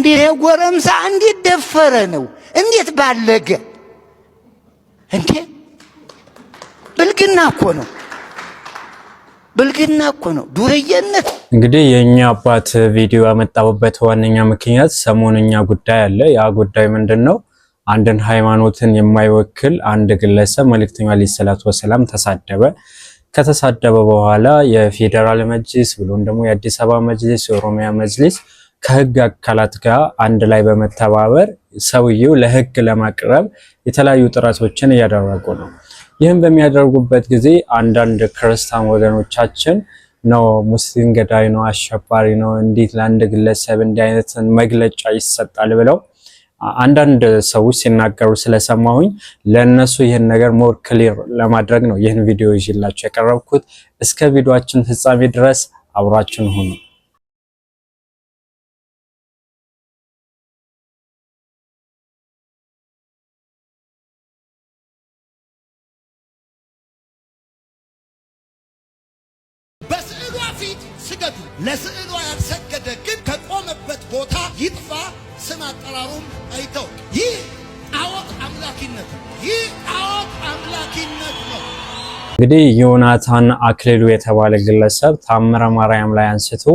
እንዴ ጎረምሳ እንዴት ደፈረ ነው? እንዴት ባለገ እንዴ! ብልግና እኮ ነው፣ ብልግና እኮ ነው፣ ዱርዬነት። እንግዲህ የእኛ አባት ቪዲዮ ያመጣሁበት ዋነኛ ምክንያት ሰሞንኛ ጉዳይ አለ። ያ ጉዳይ ምንድን ነው? አንድን ሃይማኖትን የማይወክል አንድ ግለሰብ መልእክተኛ ዓለይሂ ሰላቱ ወሰላም ተሳደበ። ከተሳደበ በኋላ የፌዴራል መጅሊስ ብሎም ደግሞ የአዲስ አበባ መጅሊስ፣ የኦሮሚያ መጅሊስ ከህግ አካላት ጋር አንድ ላይ በመተባበር ሰውየው ለህግ ለማቅረብ የተለያዩ ጥረቶችን እያደረጉ ነው። ይህም በሚያደርጉበት ጊዜ አንዳንድ ክርስቲያን ወገኖቻችን ነው ሙስሊም ገዳይ ነው፣ አሸባሪ ነው፣ እንዴት ለአንድ ግለሰብ እንዲህ አይነት መግለጫ ይሰጣል ብለው አንዳንድ ሰዎች ሲናገሩ ስለሰማሁኝ ለእነሱ ይህን ነገር ሞር ክሊር ለማድረግ ነው ይህን ቪዲዮ ይዤላቸው የቀረብኩት። እስከ ቪዲዮችን ፍጻሜ ድረስ አብራችን ሁኑ። ስገዱ። ለስዕሏ ያልሰገደ ግን ከቆመበት ቦታ ይጥፋ፣ ስም አጠራሩም አይታወቅ። ይህ ጣዖት አምላኪነት ነው። ይህ ጣዖት አምላኪነት ነው። እንግዲህ ዮናታን አክሊሉ የተባለ ግለሰብ ታምረ ማርያም ላይ አንስቶ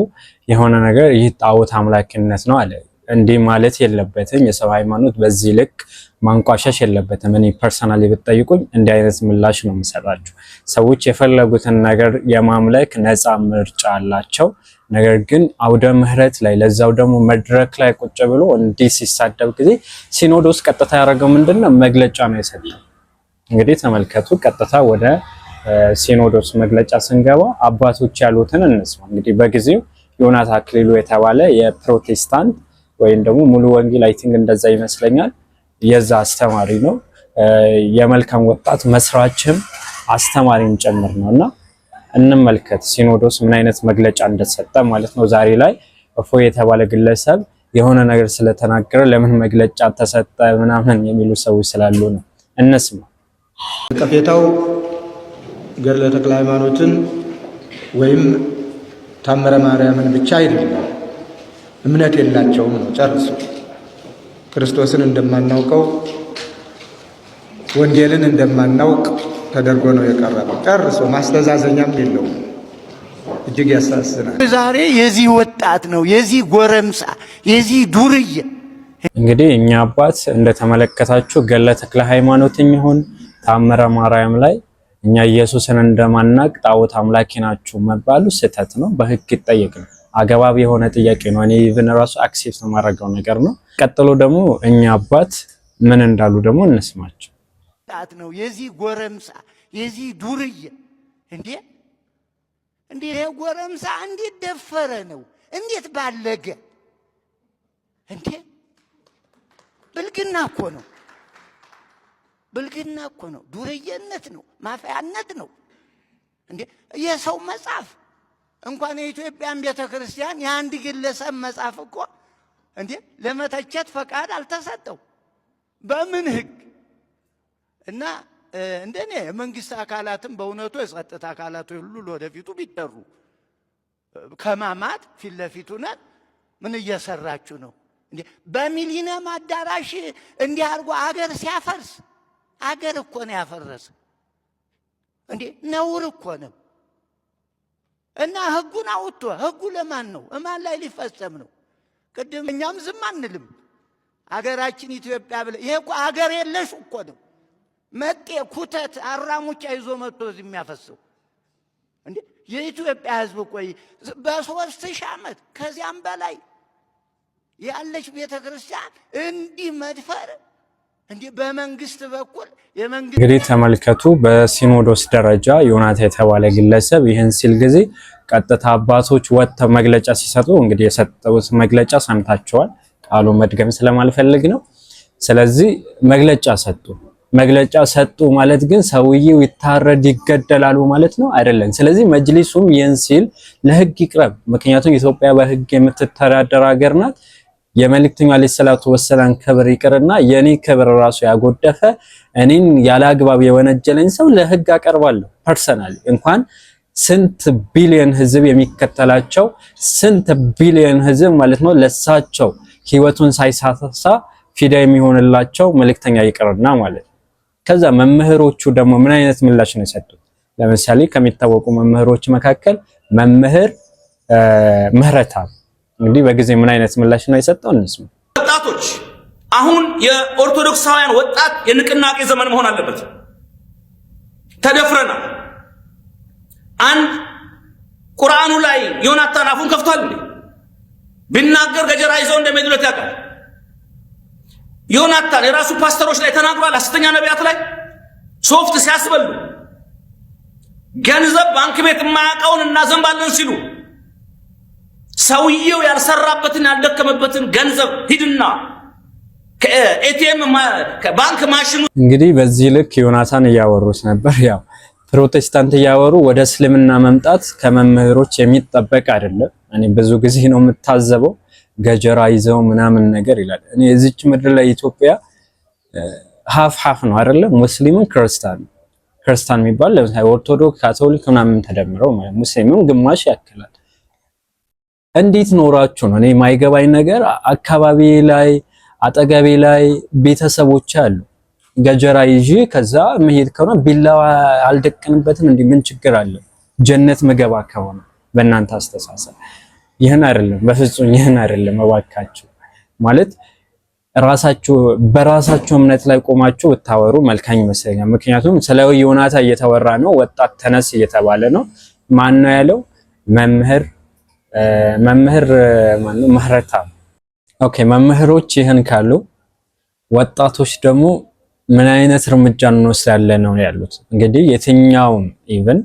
የሆነ ነገር ይህ ጣዖት አምላኪነት ነው አለ። እንዲህ ማለት የለበትም። የሰው ሃይማኖት በዚህ ልክ ማንቋሸሽ የለበትም። እኔ ፐርሰናሊ ብትጠይቁኝ እንዲህ አይነት ምላሽ ነው የምሰጣችሁ። ሰዎች የፈለጉትን ነገር የማምለክ ነፃ ምርጫ አላቸው። ነገር ግን አውደ ምህረት ላይ ለዛው ደግሞ መድረክ ላይ ቁጭ ብሎ እንዲህ ሲሳደብ ጊዜ ሲኖዶስ ቀጥታ ያደረገው ምንድነው? መግለጫ ነው የሰጠው። እንግዲህ ተመልከቱ። ቀጥታ ወደ ሲኖዶስ መግለጫ ስንገባ አባቶች ያሉትን እንስማ። እንግዲህ በጊዜው ዮናስ አክሊሉ የተባለ የፕሮቴስታንት ወይም ደግሞ ሙሉ ወንጌል አይ ቲንክ እንደዛ ይመስለኛል። የዛ አስተማሪ ነው። የመልካም ወጣት መስራችም አስተማሪም ጭምር ነው እና እንመልከት ሲኖዶስ ምን አይነት መግለጫ እንደሰጠ ማለት ነው። ዛሬ ላይ እፎ የተባለ ግለሰብ የሆነ ነገር ስለተናገረ ለምን መግለጫ ተሰጠ ምናምን የሚሉ ሰዎች ስላሉ ነው። እነስማ ቀፌታው ገድለ ተክለ ሃይማኖትን ወይም ታምረ ማርያምን ብቻ አይደለም እምነት የላቸውም ነው ጨርሶ። ክርስቶስን እንደማናውቀው ወንጌልን እንደማናውቅ ተደርጎ ነው የቀረበው። ጨርሶ ማስተዛዘኛም የለውም። እጅግ ያሳዝናል። ዛሬ የዚህ ወጣት ነው የዚህ ጎረምሳ የዚህ ዱርዬ እንግዲህ እኛ አባት እንደተመለከታችሁ ገለ ተክለ ሃይማኖትም ይሁን ታምረ ማርያም ላይ እኛ ኢየሱስን እንደማናቅ ጣዖት አምላኪ ናችሁ መባሉ ስህተት ነው፣ በህግ ይጠየቅ ነው። አገባብ የሆነ ጥያቄ ነው። እኔ ኢቭን ራሱ አክሴፕት የማደርገው ነገር ነው። ቀጥሎ ደግሞ እኛ አባት ምን እንዳሉ ደግሞ እንስማቸው። ጣት ነው የዚህ ጎረምሳ የዚህ ዱርዬ እንዴ እንዴ ጎረምሳ እንዴት ደፈረ ነው እንዴት ባለገ እንዴ! ብልግና እኮ ነው፣ ብልግና እኮ ነው፣ ዱርዬነት ነው፣ ማፈያነት ነው እንዴ የሰው መጽሐፍ እንኳን የኢትዮጵያን ቤተ ክርስቲያን የአንድ ግለሰብ መጽሐፍ እኮ እንዴ ለመተቸት ፈቃድ አልተሰጠው በምን ህግ እና እንደኔ የመንግስት አካላትም በእውነቱ የጸጥታ አካላት ሁሉ ለወደፊቱ ቢጠሩ ከማማት ፊት ለፊቱ ነን። ምን እየሰራችሁ ነው? በሚሊኒየም አዳራሽ እንዲህ አድርጎ አገር ሲያፈርስ አገር እኮ ነው ያፈረሰ። እንዴ ነውር እኮ ነው። እና ህጉን አውጥቶ ህጉ ለማን ነው? እማን ላይ ሊፈጸም ነው? ቅድም እኛም ዝም አንልም። አገራችን ኢትዮጵያ ብለ ይሄ እኮ አገር የለሽ እኮ ነው። መጤ ኩተት አራሙቻ ይዞ መጥቶ እዚህ የሚያፈሰው እንዴ! የኢትዮጵያ ህዝብ ቆይ በሶስት ሺህ ዓመት ከዚያም በላይ ያለች ቤተ ክርስቲያን እንዲህ መድፈር እንግዲህ ተመልከቱ። በሲኖዶስ ደረጃ ዮናታ የተባለ ግለሰብ ይህን ሲል ጊዜ ቀጥታ አባቶች ወጥተው መግለጫ ሲሰጡ እንግዲህ የሰጠውት መግለጫ ሰምታችኋል። ቃሉ መድገም ስለማልፈልግ ነው። ስለዚህ መግለጫ ሰጡ። መግለጫ ሰጡ ማለት ግን ሰውዬው ይታረድ ይገደላሉ ማለት ነው አይደለም። ስለዚህ መጅሊሱም ይህን ሲል ለህግ ይቅረብ። ምክንያቱም ኢትዮጵያ በህግ የምትተዳደር ሀገር ናት። የመልእክተኛው አለይሂ ሰላቱ ወሰላም ክብር ይቅርና የኔ ክብር ራሱ ያጎደፈ እኔን ያለ አግባብ የወነጀለኝ ሰው ለህግ አቀርባለሁ። ፐርሰናል እንኳን ስንት ቢሊዮን ህዝብ የሚከተላቸው ስንት ቢሊዮን ህዝብ ማለት ነው ለሳቸው ህይወቱን ሳይሳሳ ፊዳ የሚሆንላቸው መልእክተኛ ይቅርና ማለት ነው። ከዛ መምህሮቹ ደግሞ ምን አይነት ምላሽ ነው የሰጡት? ለምሳሌ ከሚታወቁ መምህሮች መካከል መምህር ምህረታ እንግዲህ በጊዜ ምን አይነት ምላሽ ነው የሰጠው? እንስማ። ወጣቶች አሁን የኦርቶዶክሳውያን ወጣት የንቅናቄ ዘመን መሆን አለበት። ተደፍረናል። አንድ ቁርአኑ ላይ ዮናታን አፉን ከፍቷል። ቢናገር ገጀራ ይዘው እንደ ያውቃል። ዮናታን የራሱ ፓስተሮች ላይ ተናግሯል። አስተኛ ነቢያት ላይ ሶፍት ሲያስበሉ ገንዘብ ባንክ ቤት የማያውቀውን እናዘንባለን ሲሉ ሰውየው ያልሰራበትን ያልደከመበትን ገንዘብ ሂድና ከኤቲኤም ከባንክ ማሽኑ እንግዲህ በዚህ ልክ ዮናታን እያወሩት ነበር። ያው ፕሮቴስታንት እያወሩ ወደ እስልምና መምጣት ከመምህሮች የሚጠበቅ አይደለም። እኔ ብዙ ጊዜ ነው የምታዘበው ገጀራ ይዘው ምናምን ነገር ይላል። እኔ እዚች ምድር ላይ ኢትዮጵያ ሀፍ ሀፍ ነው አይደለ? ሙስሊምም ክርስቲያን ክርስቲያን የሚባል ለምሳሌ ኦርቶዶክስ፣ ካቶሊክ ምናምን ተደምረው ሙስሊምም ግማሽ ያክላል እንዴት ኖራችሁ ነው? እኔ የማይገባኝ ነገር አካባቢ ላይ አጠገቤ ላይ ቤተሰቦች አሉ። ገጀራ ይዤ ከዛ መሄድ ከሆነ ቢላዋ አልደቅንበትም እንዴ? ምን ችግር አለ? ጀነት ምገባ ከሆነ በእናንተ አስተሳሰብ ይህን አይደለም፣ በፍጹም ይህን አይደለም። እባካችሁ ማለት ራሳችሁ በራሳችሁ እምነት ላይ ቆማችሁ ብታወሩ መልካም ይመስለኛል። ምክንያቱም ስለ ዮናታ እየተወራ ነው፣ ወጣት ተነስ እየተባለ ነው። ማን ነው ያለው? መምህር መምህር ማነው? ምህረታ። ኦኬ መምህሮች ይህን ካሉ ወጣቶች ደግሞ ምን አይነት እርምጃ እንወስዳለን ነው ያሉት። እንግዲህ የትኛውም ኢቭን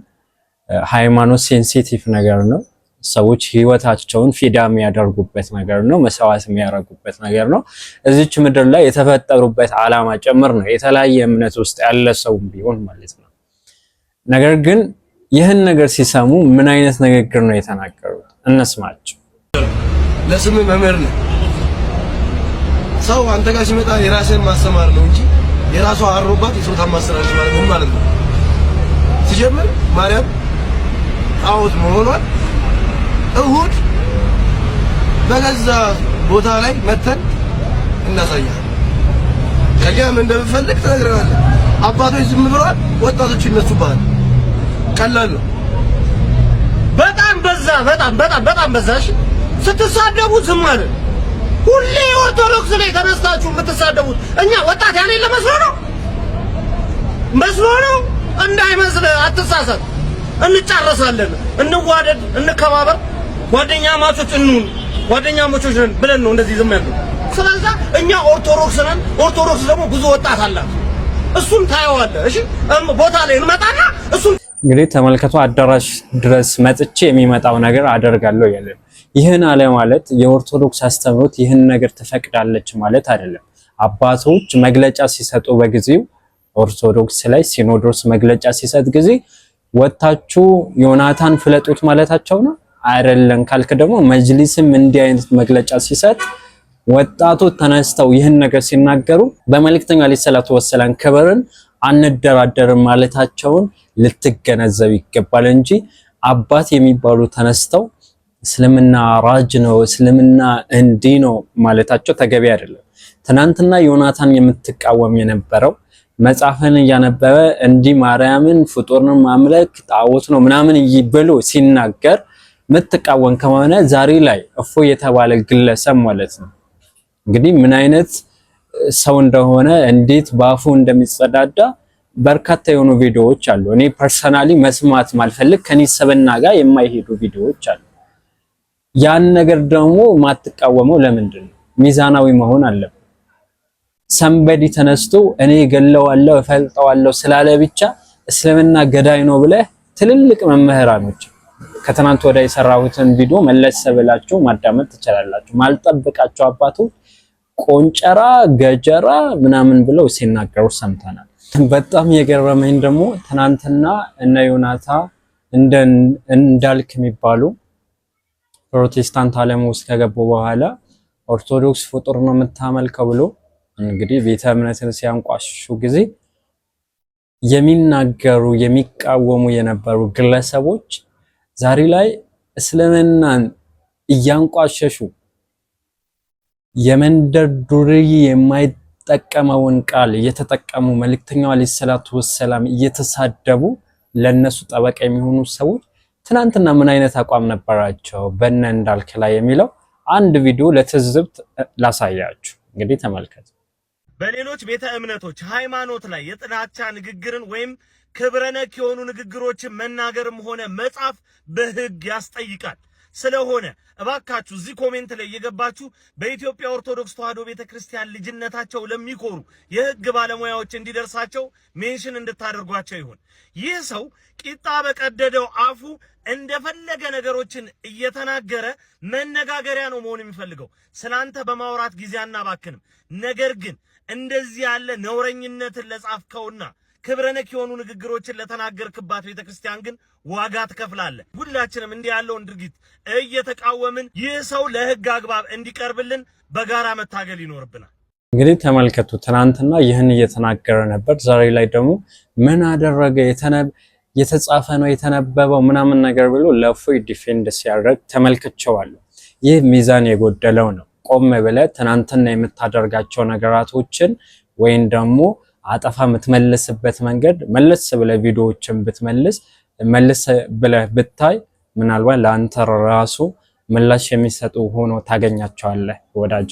ሃይማኖት ሴንሲቲቭ ነገር ነው። ሰዎች ህይወታቸውን ፊዳ የሚያደርጉበት ነገር ነው። መሰዋት የሚያደርጉበት ነገር ነው። እዚች ምድር ላይ የተፈጠሩበት ዓላማ ጭምር ነው። የተለያየ እምነት ውስጥ ያለ ሰውም ቢሆን ማለት ነው። ነገር ግን ይህን ነገር ሲሰሙ ምን አይነት ንግግር ነው የተናገሩት? እንስማቸው። ለስም መምህር ነህ። ሰው አንተ ጋር ሲመጣ የራስህን ማስተማር ነው እንጂ የራሷ አሮባት የጾታ ማስተላለፍ ማለት ምን ማለት ነው። ሲጀምር ማርያም ጣዖት መሆኗን እሁድ በገዛ ቦታ ላይ መተን እናሳያለን። ከኛም እንደምፈልግ ትነግረናለህ። አባቶች ዝም ብለዋል፣ ወጣቶች ይነሱብሃል። ቀላል ነው። በዛ በጣም በጣም በጣም በዛሽ። ስትሳደቡ ዝም አለ። ሁሌ ኦርቶዶክስ ላይ ተነስታችሁ የምትሳደቡት እኛ ወጣት ያሌለ መስሎ ነው መስሎ ነው። እንዳይመስል አትሳሳት። እንጫረሳለን፣ እንዋደድ፣ እንከባበር፣ ጓደኛ ማቾች እንሁን፣ ጓደኛ ማቾች ብለን ነው እንደዚህ ዝም ያለው። ስለዚህ እኛ ኦርቶዶክስ ነን። ኦርቶዶክስ ደግሞ ብዙ ወጣት አላት። እሱን ታየዋለህ። እሺ ቦታ ላይ እንመጣና እሱን እንግዲህ ተመልከቱ አዳራሽ ድረስ መጥቼ የሚመጣው ነገር አደርጋለሁ ያለ ይህን አለ ማለት የኦርቶዶክስ አስተምሮት ይህን ነገር ትፈቅዳለች ማለት አይደለም። አባቶች መግለጫ ሲሰጡ በጊዜው ኦርቶዶክስ ላይ ሲኖዶስ መግለጫ ሲሰጥ ጊዜ ወታችሁ ዮናታን ፍለጡት ማለታቸው ነው አይደለም ካልክ ደግሞ መጅሊስም እንዲህ አይነት መግለጫ ሲሰጥ ወጣቱ ተነስተው ይህን ነገር ሲናገሩ በመልእክተኛው ዓለይሂ ሰላቱ ወሰላም ክብርን አንደራደርም ማለታቸውን ልትገነዘብ ይገባል እንጂ አባት የሚባሉ ተነስተው እስልምና ራጅ ነው፣ እስልምና እንዲህ ነው ማለታቸው ተገቢ አይደለም። ትናንትና ዮናታን የምትቃወም የነበረው መጽሐፍን እያነበበ እንዲህ ማርያምን ፍጡርን ማምለክ ጣዖት ነው ምናምን ብሎ ሲናገር የምትቃወም ከሆነ ዛሬ ላይ እፎ የተባለ ግለሰብ ማለት ነው እንግዲህ ምን አይነት ሰው እንደሆነ እንዴት በአፉ እንደሚጸዳዳ በርካታ የሆኑ ቪዲዮዎች አሉ። እኔ ፐርሰናሊ መስማት ማልፈልግ ከኔ ሰበና ጋር የማይሄዱ ቪዲዮዎች አሉ። ያን ነገር ደግሞ ማትቃወመው ለምንድን ነው? ሚዛናዊ መሆን አለብን። ሰንበዲ ተነስቶ እኔ ገለዋለሁ እፈልጠዋለሁ ስላለ ብቻ እስልምና ገዳይ ነው ብለህ ትልልቅ መምህራኖች ከትናንት ወደ የሰራሁትን ቪዲዮ መለስ ብላችሁ ማዳመጥ ትችላላችሁ። ማልጠብቃቸው አባቶች ቆንጨራ ገጀራ ምናምን ብለው ሲናገሩ ሰምተናል። በጣም የገረመኝ ደግሞ ትናንትና እነ ዮናታ እንዳልክ የሚባሉ ፕሮቴስታንት ዓለም ውስጥ ከገቡ በኋላ ኦርቶዶክስ ፍጡር ነው የምታመልከው ብሎ እንግዲህ ቤተ እምነትን ሲያንቋሽሹ ጊዜ የሚናገሩ የሚቃወሙ የነበሩ ግለሰቦች ዛሬ ላይ እስልምናን እያንቋሸሹ የመንደር ዱርዬ የማይ የተጠቀመውን ቃል እየተጠቀሙ መልእክተኛው አለይሂ ሰላቱ ወሰላም እየተሳደቡ ለነሱ ጠበቃ የሚሆኑ ሰዎች ትናንትና ምን አይነት አቋም ነበራቸው በነ እንዳልክ ላይ የሚለው አንድ ቪዲዮ ለትዝብት ላሳያችሁ። እንግዲህ ተመልከቱ። በሌሎች ቤተ እምነቶች ሃይማኖት ላይ የጥላቻ ንግግርን ወይም ክብረነክ የሆኑ ንግግሮችን መናገርም ሆነ መጻፍ በህግ ያስጠይቃል። ስለሆነ እባካችሁ እዚህ ኮሜንት ላይ እየገባችሁ በኢትዮጵያ ኦርቶዶክስ ተዋሕዶ ቤተክርስቲያን ልጅነታቸው ለሚኮሩ የህግ ባለሙያዎች እንዲደርሳቸው ሜንሽን እንድታደርጓቸው ይሁን። ይህ ሰው ቂጣ በቀደደው አፉ እንደፈለገ ነገሮችን እየተናገረ መነጋገሪያ ነው መሆን የሚፈልገው። ስላንተ በማውራት ጊዜ አናባክንም። ነገር ግን እንደዚህ ያለ ነውረኝነትን ለጻፍከውና ክብረነክ የሆኑ ንግግሮችን ለተናገርክባት ቤተ ክርስቲያን ግን ዋጋ ትከፍላለ ሁላችንም እንዲህ ያለውን ድርጊት እየተቃወምን ይህ ሰው ለህግ አግባብ እንዲቀርብልን በጋራ መታገል ይኖርብናል። እንግዲህ ተመልከቱ፣ ትናንትና ይህን እየተናገረ ነበር። ዛሬ ላይ ደግሞ ምን አደረገ? የተጻፈ ነው የተነበበው ምናምን ነገር ብሎ ለእፎይ ዲፌንድ ሲያደርግ ተመልክቼዋለሁ። ይህ ሚዛን የጎደለው ነው። ቆም ብለህ ትናንትና የምታደርጋቸው ነገራቶችን ወይም ደግሞ አጠፋ የምትመልስበት መንገድ መለስ ብለህ ቪዲዮዎችን ብትመልስ መለስ ብለህ ብታይ ምናልባት ለአንተ ራሱ ምላሽ የሚሰጡ ሆኖ ታገኛቸዋለህ ወዳጅ።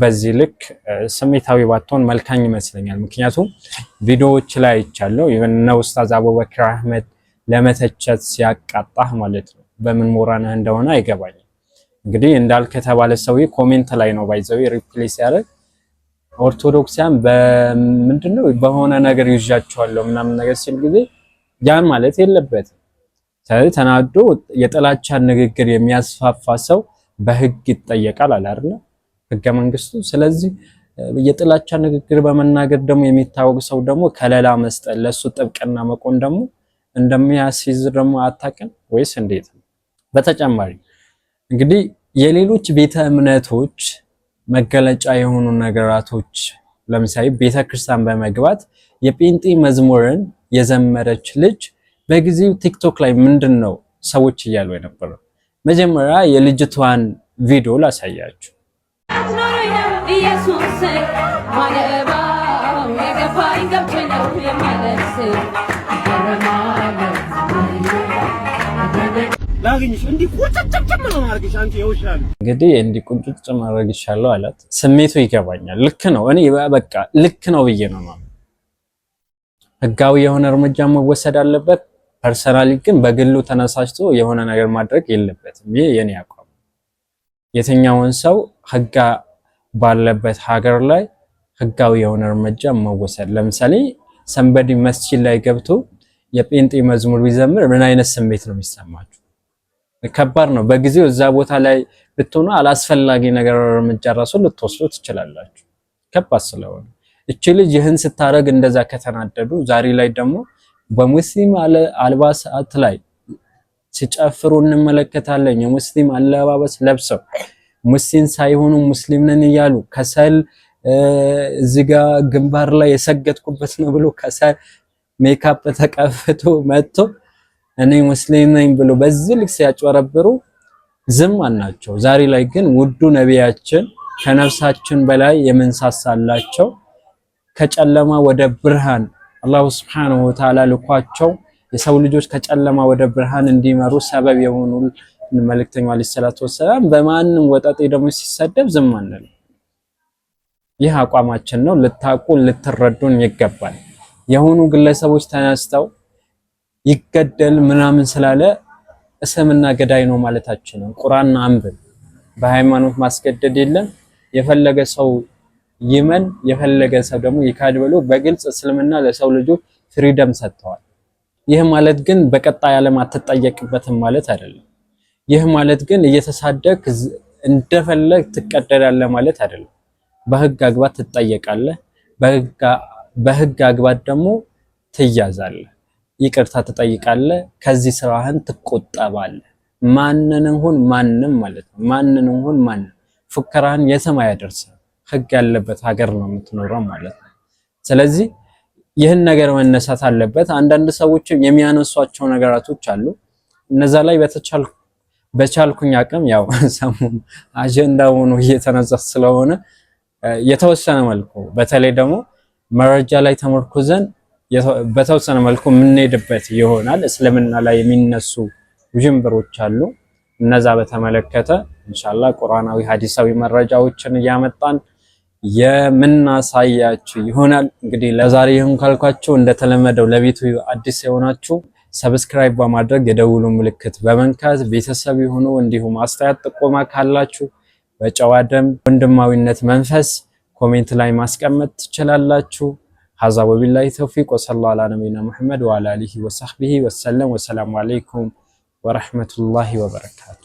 በዚህ ልክ ስሜታዊ ባትሆን መልካኝ ይመስለኛል። ምክንያቱም ቪዲዮዎች ላይ ይቻለው እነ ኡስታዝ አቡበክር አህመድ ለመተቸት ሲያቃጣህ ማለት ነው። በምን ሞራንህ እንደሆነ አይገባኝም። እንግዲህ እንዳልከ ተባለ ሰውዬ ኮሜንት ላይ ነው ባይዘዊ ሪፕሌስ ያደረግ ኦርቶዶክሲያን በምንድነው በሆነ ነገር ይዣቸዋለሁ ምናምን ነገር ሲል ጊዜ ያን ማለት የለበትም። ስለዚህ ተናዶ የጥላቻን ንግግር የሚያስፋፋ ሰው በህግ ይጠየቃል አለ አይደል ህገ መንግስቱ። ስለዚህ የጥላቻ ንግግር በመናገር ደግሞ የሚታወቅ ሰው ደግሞ ከለላ መስጠት፣ ለሱ ጥብቅና መቆን ደግሞ እንደሚያስይዝ ደግሞ አታውቅም ወይስ እንዴት ነው? በተጨማሪ እንግዲህ የሌሎች ቤተ እምነቶች መገለጫ የሆኑ ነገራቶች ለምሳሌ ቤተክርስቲያን በመግባት የጴንጤ መዝሙርን የዘመረች ልጅ በጊዜው ቲክቶክ ላይ ምንድን ነው ሰዎች እያሉ የነበረው? መጀመሪያ የልጅቷን ቪዲዮ ላሳያችሁ። ኢየሱስ ላግኝሽ እንዲህ ቁጭጭጭም ነው ማድረግሽ አንቺ ይውሻል። እንግዲህ እንዲህ ቁጭጭ ማድረግ አላት። ስሜቱ ይገባኛል። ልክ ነው። እኔ በቃ ልክ ነው ብዬ ነው ማለት ህጋዊ የሆነ እርምጃ መወሰድ አለበት። ፐርሰናሊ ግን በግሉ ተነሳስቶ የሆነ ነገር ማድረግ የለበትም። ይህ የኔ አቋም። የትኛውን ሰው ህጋ ባለበት ሀገር ላይ ህጋዊ የሆነ እርምጃ መወሰድ ለምሳሌ ሰንበዲ መስጂድ ላይ ገብቶ የጴንጤ መዝሙር ቢዘምር ምን አይነት ስሜት ነው የሚሰማችሁ? ከባድ ነው። በጊዜው እዛ ቦታ ላይ ብትሆኑ አላስፈላጊ ነገር እርምጃ ራሱ ልትወስዱ ትችላላችሁ። ከባድ ስለሆነ እቺ ልጅ ይህን ስታደርግ እንደዛ ከተናደዱ ዛሬ ላይ ደግሞ በሙስሊም አልባሳት ላይ ሲጨፍሩ እንመለከታለን። የሙስሊም አለባበስ ለብሰው ሙስሊም ሳይሆኑ ሙስሊም ነን እያሉ ከሰል እዚጋ ግንባር ላይ የሰገድኩበት ነው ብሎ ከሰል ሜካፕ ተቀፍቶ መጥቶ እኔ ሙስሊም ነኝ ብሎ በዚህ ልክ ሲያጭበረብሩ ዝም አናቸው። ዛሬ ላይ ግን ውዱ ነቢያችን ከነፍሳችን በላይ የምንሳሳላቸው ከጨለማ ወደ ብርሃን አላሁ ሱብሓነሁ ወተዓላ ልኳቸው የሰው ልጆች ከጨለማ ወደ ብርሃን እንዲመሩ ሰበብ የሆኑ መልእክተኛው አለይሂ ሰላቱ ወሰላም በማንም ወጣጤ ደግሞ ሲሰደብ ዝም አንልም። ይህ አቋማችን ነው። ልታቁ ልትረዱን ይገባል። የሆኑ ግለሰቦች ተነስተው ይገደል ምናምን ስላለ እስምና ገዳይ ነው ማለታችንም ቁርአን አንብን። በሃይማኖት ማስገደድ የለም። የፈለገ ሰው ይመን፣ የፈለገ ሰው ደግሞ ይካድ ብሎ በግልጽ እስልምና ለሰው ልጆች ፍሪደም ሰጥተዋል። ይህ ማለት ግን በቀጣይ ዓለም አትጠየቅበትም ማለት አይደለም። ይህ ማለት ግን እየተሳደክ እንደፈለግ ትቀደዳለህ ማለት አይደለም። በህግ አግባት ትጠየቃለህ። በህግ አግባት ደግሞ ትያዛለህ። ይቅርታ ትጠይቃለ ከዚህ ስራህን ትቆጠባለ ማንንም ሁን ማንም ማለት ነው። ማንንም ሁን ማንም ፉከራህን የትም አያደርስም። ህግ ያለበት ሀገር ነው የምትኖረው ማለት ነው። ስለዚህ ይህን ነገር መነሳት አለበት። አንዳንድ ሰዎችም የሚያነሷቸው ነገራቶች አሉ። እነዛ ላይ በቻልኩኝ አቅም ያው ሰሞኑን አጀንዳ ሆኖ እየተነሳ ስለሆነ የተወሰነ መልኩ በተለይ ደግሞ መረጃ ላይ ተመርኩዘን በተወሰነ መልኩ የምንሄድበት ይሆናል። እስልምና ላይ የሚነሱ ውዥንብሮች አሉ። እነዛ በተመለከተ እንሻላ ቁርአናዊ ሀዲሳዊ መረጃዎችን እያመጣን የምናሳያችሁ ይሆናል። እንግዲህ ለዛሬ ይሁን ካልኳችሁ እንደተለመደው ለቤቱ አዲስ የሆናችሁ ሰብስክራይብ በማድረግ የደውሉ ምልክት በመንካት ቤተሰብ የሆኑ እንዲሁም አስተያየት ጥቆማ ካላችሁ በጨዋ ደንብ ወንድማዊነት መንፈስ ኮሜንት ላይ ማስቀመጥ ትችላላችሁ። ሀዛ ወቢላሂ ተውፊቅ ወሰላ አላ ነቢና ሙሐመድ ወአላ አሊሂ ወሰህቢሂ ወሰለም። ወሰላሙ አለይኩም ወረህመቱላሂ ወበረካቱ።